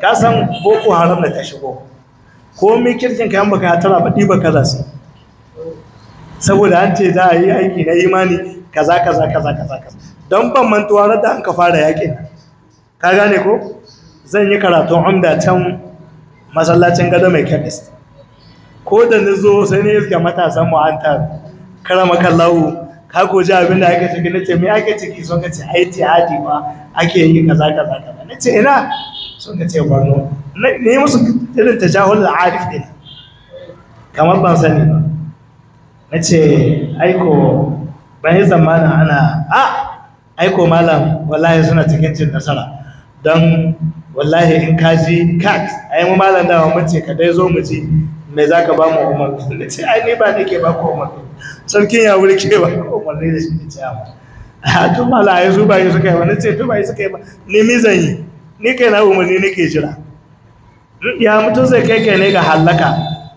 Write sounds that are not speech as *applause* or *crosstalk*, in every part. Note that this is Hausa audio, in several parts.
ka san boko haram da ta shigo ko mai kirkin kayan baka ya tara baɗi ba kaza su saboda an ce za a yi aiki na imani kaza kaza kaza kaza kaza don ban mantuwa na da an ka fara yakin ka gane ko zan yi karatun amda can masallacin gado mai chemist ko da na zo sai ne ga matasan mu an ta karama kallawo ka ko ji abin da aka ciki na ce mai aka ciki sun ka ce ai tihadi ba ake yi kaza kaza kaza na ce ina suka ce barno na yi musu irin tajahul arif din kamar ban sani ba na ce aiko ban yi zamanin ana a aiko malam wallahi suna cikin cin nasara don wallahi in ka ji kat a yi malam da mun ce ka dai zo mu ji me za ka ba mu umar *laughs* na ce ai ni ba nake ba ko umar sarkin ya wurke ba ko umar ne da shi ne ce a *laughs* to malam ai su ba yi suka yi ba na ce to ba yi suka yi ba ni mi zan yi ni kai na umarni nake jira ya mutum zai kai kai ne ga halaka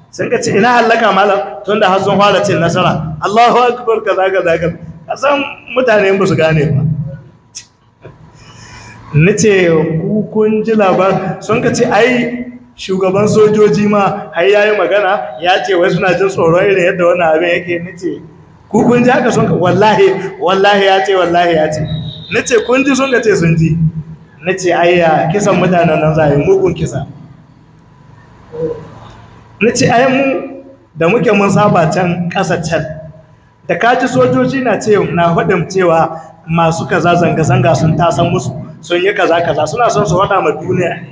sun ka ce ina halaka malam tun da har sun fara cin nasara Allahu akbar ka kaza kaza a san mutane ba su gane ba ni ce kun ji labar sun ka ce ai shugaban sojoji ma har ya yi magana ya ce wai suna jin tsoro irin yadda wannan abin yake ni ce kukun kun ji haka sun ka wallahi wallahi ya ce wallahi ya ce ni ce kun ji sun ka ce sun ji na ce ayya kisan mutanen nan za a yi mugun kisa na ce ayyan mu da muke mun saba can ƙasa can da kaji sojoji na ce na hudun cewa masu kaza zanga-zanga sun tasan musu sun yi kaza-kaza suna son su wada ma duniya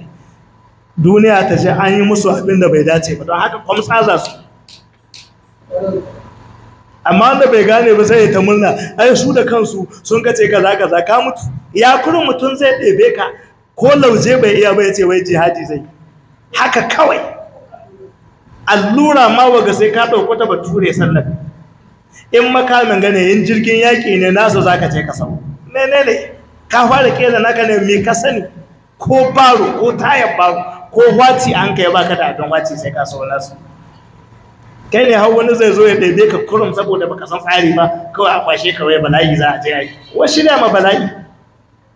duniya ta ce an yi musu abin da bai dace ba don haka kwamsa za su amma da bai gane ba sai ya ta murna ai su da kansu sun kace kaza kaza ka mutu ya kurin mutum zai ɗebe ka ko lauje bai iya ya ce wai jihadi zai haka kawai allura ma waga sai ka ɗauko ta bature sallar in makamin gane yin jirgin yaki ne nasa za ce ka sau menene ka fara kera naka ne me ka sani ko baro ko tayar baro ko wati an kai baka da abin wati sai ka sau nasu kai ne hau wani zai zo ya ɗaiɗe ka kurum saboda baka san tsari ba kawai a kwashe kawai bala'i za a je a yi wasu ne ma bala'i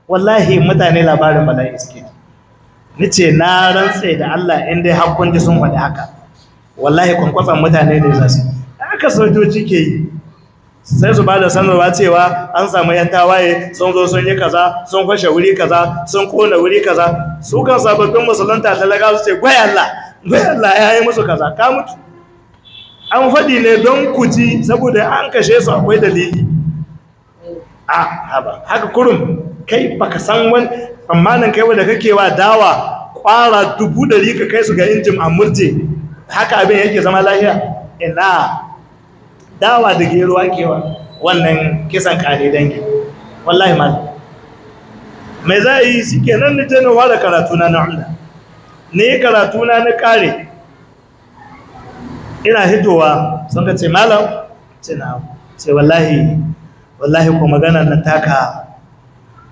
wallahi mutane labarin bala'i suke ni ce na rantse da Allah in dai hakkun ji sun faɗi haka wallahi kwankwasan mutane ne za su haka sojoji ke yi sai su ba da sanarwa cewa an samu yan tawaye sun zo sun yi kaza sun fashe wuri kaza sun kona wuri kaza su kan sababbin musulunta talaga su ce gwai Allah gwai Allah ya yi musu kaza ka mutu an faɗi ne don ku ji saboda an kashe su akwai dalili a haka kurum kai baka san wani amma nan kai wanda kake wa dawa kwara dubu ɗari ka kai su ga injin amurje haka abin yake zama lahiya ina dawa da gero akewa. wannan kisan kare dangi wallahi mal mai za a yi shi kenan na jana ware karatu na na'ula ne karatu na na kare ina hidowa sun ka ce malam ce na ce wallahi wallahi ko magana nan taka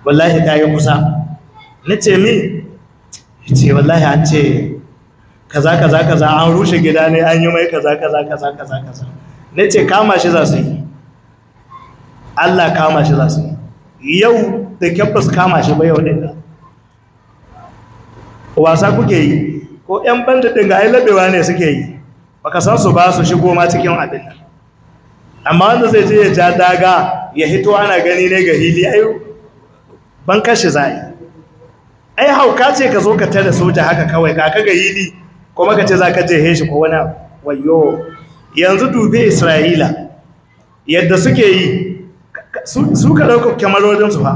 wallahi ta yi kusa ni ce mi ce wallahi an ce kaza kaza kaza an rushe gida ne an yi mai kaza kaza kaza kaza kaza ni ce kama shi za su yi Allah kama shi za su yi yau da kyabbas kama shi bai yau ɗin wasa kuke yi ko 'yan banda ɗin ga ai ne suke yi baka san su ba su shigo ma cikin abin nan amma wanda zai je ya ja daga ya hito ana gani ne ga hili ayo ban kashe zai ai hauka ce ka zo ka tare soja haka kawai ka kaga hili kuma ka ce za ka je heshi ko wani wayo yanzu dube isra'ila yadda suke yi su ka ɗauka su ba.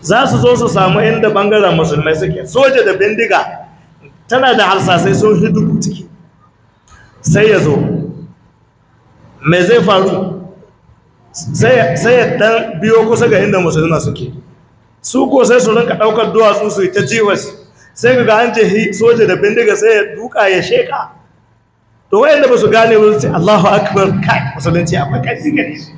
za su zo su samu inda bangaren musulmai suke soja da bindiga tana da harsasai sun hidu ciki sai ya zo mai zai faru sai ya dan biyo kusa ga inda musulina suke su ko sai su rinka daukar duwatsu su ta jiwas sai ga an je soja da bindiga sai ya duka ya sheka to wayanda ba su gane wurin sai Allahu akbar kai musulunci akwai kaji gare shi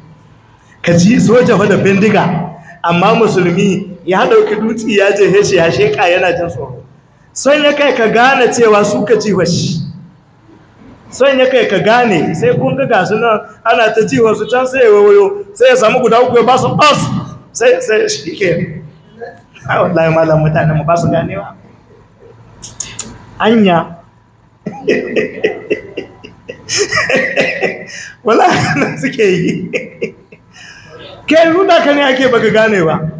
ka ji soja fa da bindiga amma musulmi ya dauki dutsi ya je shi ya sheka yana jin tsoro sai ya kai ka gane cewa su ka jiwas shi son ya kai ka gane sai kun ga gasu nan ana ta ji wasu can sai ya wayo sai ya samu guda uku ya ba su bas sai sai shike a wallahi malam mutanen mu ba su ganewa anya *laughs* wala na suke yi ke ruda ka ne ake baka ganewa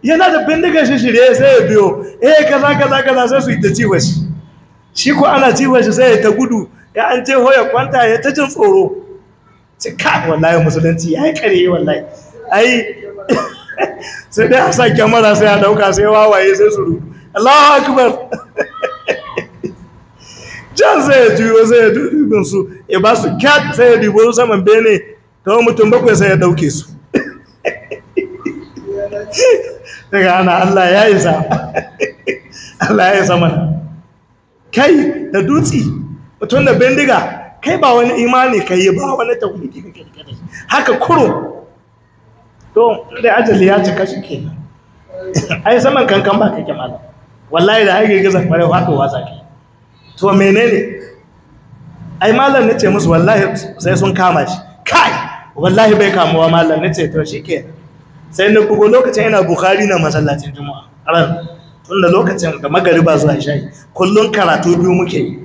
yana da bindiga shi shirye sai ya biyo eh kaza kaza kaza sai su yi ta ciwa shi shi ko ana ciwa shi sai ya ta gudu ya an je hoya kwanta ya ta jin tsoro cika wallahi musulunci ya yi kare wallahi ai *laughs* sai dai a sa kyamara sai a dauka sai wawaye sai suru allahu akubar *laughs* jan sai ya juyo sai ya dubin su ya ba su cat sai ya dubo saman bene ta mutum bakwai sai ya dauke su *laughs* daga ana allah ya yi sa allah ya sa mana kai da dutse tun da bindiga kai ba wani imani ka yi ba wani tauhidi ka kirkira haka kuro to da ajali ya cika shi kenan *laughs* ai saman kankan ba kake malam wallahi da ai girgiza kwarai wato wasa ke to menene ai malam ce musu wallahi sai sun kama shi kai wallahi bai kamuwa malam nace to shike sai na bugo lokacin yana bukhari na masallacin juma'a ran tunda lokacin da magariba zuwa shayi kullum karatu biyu muke yi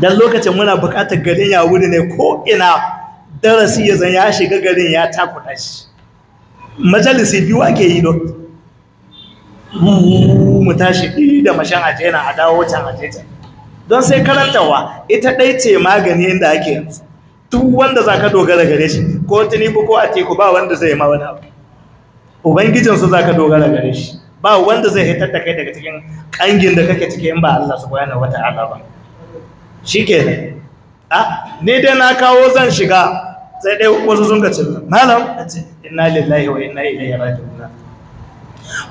dan lokacin muna buƙatar garin ya wuri ne ko ina darasi ya zan ya shiga garin ya takuɗa shi majalisi biyu ake yi don mu tashi da mashan aje na a dawo can aje can don sai karantawa ita ɗai ce magani inda ake yanzu Tun wanda za ka dogara gare shi ko tunibu ko a teku ba wanda zai ma wani abu ubangijinsu za ka dogara gare shi ba wanda zai hitar da kai daga cikin ƙangin da kake ciki in ba Allah subhanahu wata'ala ba shi ne a ne dai na kawo zan shiga sai dai wasu sun ga cin malam ce ina lillahi wa inna ilaihi raji'un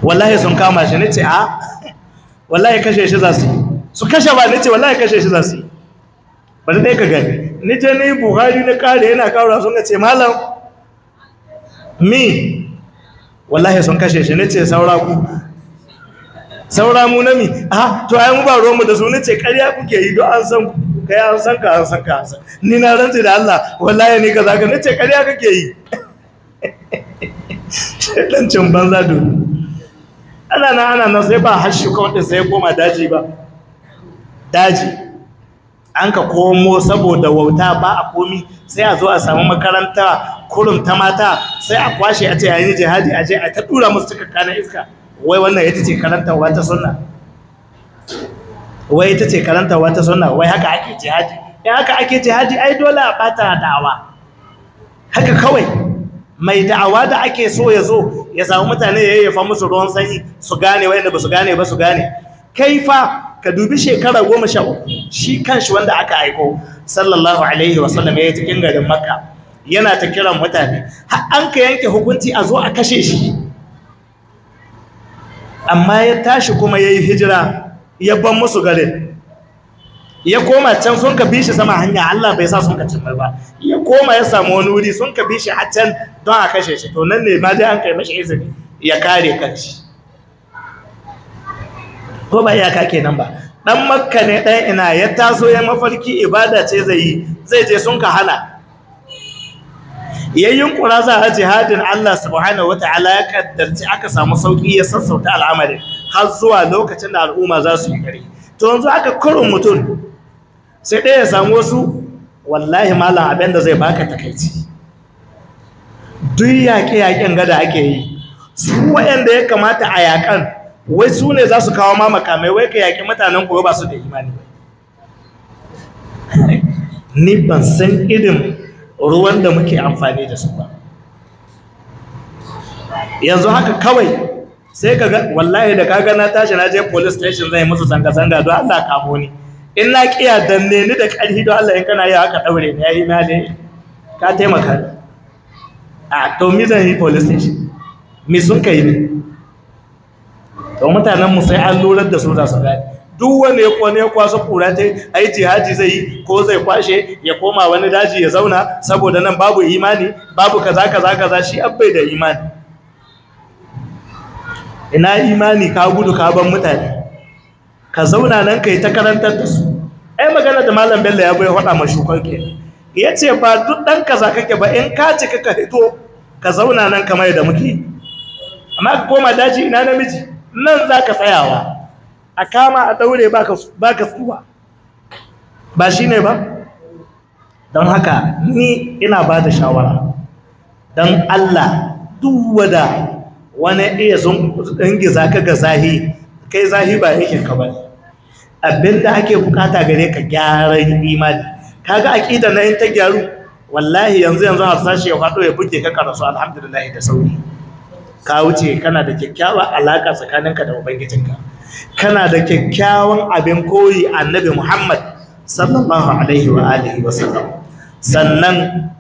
wallahi sun kama shi ne ce a ah, wallahi kashe shi za su yi su kashe ba ne ce wallahi kashe shi za su yi ba dai ka gani je ni buhari na kare yana kawo sun ga ce malam mi wallahi sun kashe shi ne saura ku saura mu nami ah to ai mu ba ruwan mu da su ne ce ƙarya kuke yi do an san ku kai an san ka an san ka an san ni na rantsi da Allah wallahi ni kaza ka ne ce ƙarya kake yi *laughs* dan cin banza do ana na ana na sai ba hashi kawai din sai koma daji ba daji an ka komo saboda wauta ba a komi sai a zo a samu makaranta kurum ta mata sai a kwashe a ce yayin jihadi a je a ta dura musu cikakka na iska wai wannan ita ce karantarwa ta sunna wai ita ce karantarwa ta sunna wai haka ake jihadi Ya haka ake jihadi ai dole a bata da'awa haka kawai mai da'awa da ake so ya zo ya samu mutane ya yayyafa musu ruwan sanyi su gane wanda ba su gane ba su gane kai fa ka dubi shekara goma sha uku shi kanshi wanda aka aiko sallallahu alaihi wasallam ya yi cikin garin makka yana ta kiran mutane har an ka yanke hukunci a zo a kashe shi amma ya tashi kuma ya yi hijira ya ban musu garin ya koma can sun ka bi shi sama hanya Allah bai sa sun ka cimma ba ya koma ya samu wani wuri sun ka bi shi a can don a kashe shi to nan ne ma dai an kai mashi izini ya kare kanshi ko ba iyaka nan ba dan makka ne dan ina ya taso ya mafarki ibada ce zai yi zai je sun ka hana yayin kura za a hadin Allah subhanahu wata'ala ya kaddarci aka samu sauki ya sassauta al'amarin har zuwa lokacin da al'umma za su yi kare to yanzu aka kurin mutum sai ɗaya ya samu wasu wallahi mallam abin da zai baka takaici duk yaƙe-yaƙen gada ake yi su waɗanda ya kamata a yaƙan wai su ne za su kawo ma makamai wai ka yaƙi mutanen koyo ba su da imani ba *laughs* ni ban san irin ruwan da muke amfani da su ba yanzu haka kawai sai ka ga wallahi da kaga na tashi na je police station zai musu zanga-zanga don Allah kamo ni in na kiya danne ni da ƙarfi don Allah in kana yi haka ɗaure ni yayi na ne ka taimaka a to mi zan yi police station me sun kai ni to mutanen mu sai an lurar da su za su gani duk wanda ya kone ya kwaso kura ta yi jihaji zai yi ko zai kwashe ya koma wani daji ya zauna saboda nan babu imani babu kaza kaza kaza shi abai da imani ina imani ka gudu ka ban mutane ka zauna nan yi ta karantar da su ai magana da malam bello ya bai faɗa ma ke ya ce ba duk ɗan kaza kake ba in ka ci ka hito ka zauna nan kamar da muke amma ka koma daji ina namiji nan za ka tsayawa a kama a ɗaure ba ka tsuwa ba shi ne ba don haka ni ina ba da shawara don allah duwada wani iya zungiza ka ga zahi kai zahi ba yake ka bane abinda ake bukata gare ka gyara imani ga aƙida na yin ta gyaru wallahi yanzu yanzu a sashe ya faɗo ya buke ka karasu alhamdulillah da sauri ka wuce kana da kyakkyawa alaƙa tsakaninka da ubangijinka kana da kyakkyawan abin koyi annabi Muhammad sallallahu alaihi wa alihi wa sallam sannan